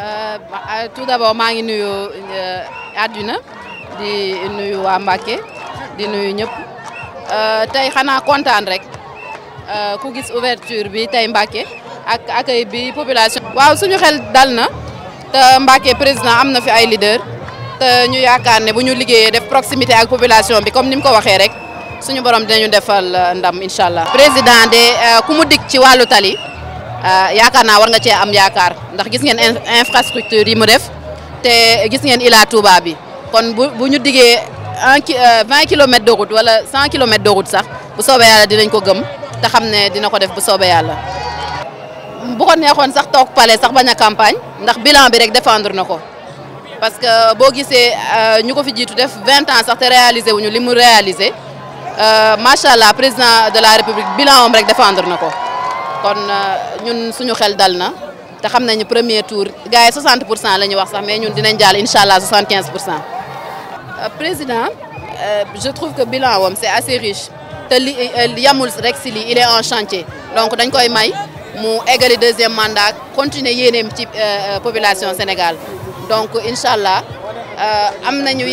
Euh, euh, tout d'abord maa ngi nuyu euh, àdduna di nuyu waa Mbàkke di nuyu ñëpp tey xanaa kontaan rek ku gis ouverture bi tey Mbàkke ak accueil bi population. waaw suñu xel dal na te Mbàkke président am na fi ay leader te ñu yaakaar ne bu ñu liggéeyee def proximité ak population bi comme ni mu ko waxee rek suñu borom dinañu defal ndam incha allah. président de ku mu dig ci wàllu tali. Euh, yaakaar naa war nga cee am yaakaar ndax gis ngeen infrastructure yi mu def te gis ngeen Ila Touba bi kon bu bu ñu diggee un ki euh, vingt kilomètres de wala cent kilomètres de route sax bu soobee yàlla dinañ ko gëm te xam ne dina ko def bu soobee yàlla. bu ko neexoon sax toog palais sax bañ a campagne ndax bilan bi rek défendre na ko parce que boo gisee euh, ñu ko fi jiitu def vingt ans sax te réalisé wuñu li mu réalisé macha allah président de la république bilan om rek défendre na ko. kon euh, ñun suñu xel dal te premier tour gaay 60 lañu wax sax mais ñun dinañ jall 75 euh, président euh, je trouve que bilan est c'est assez riche te li yamul rek si il est en chantier donc dañ koy may mu deuxième mandat continuer aider ci population Sénégal donc inshallah nous am nañu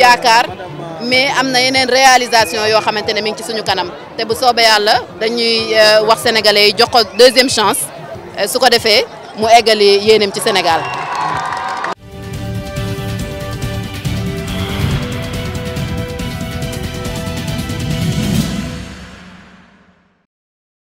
mais am na réalisation yo xamantene mi ngi ci suñu kanam té bu soobee yalla dañuy euh, wax sénégalais yi jox ko deuxième chance euh, su ko defee mu égalé yéeneem ci Sénégal.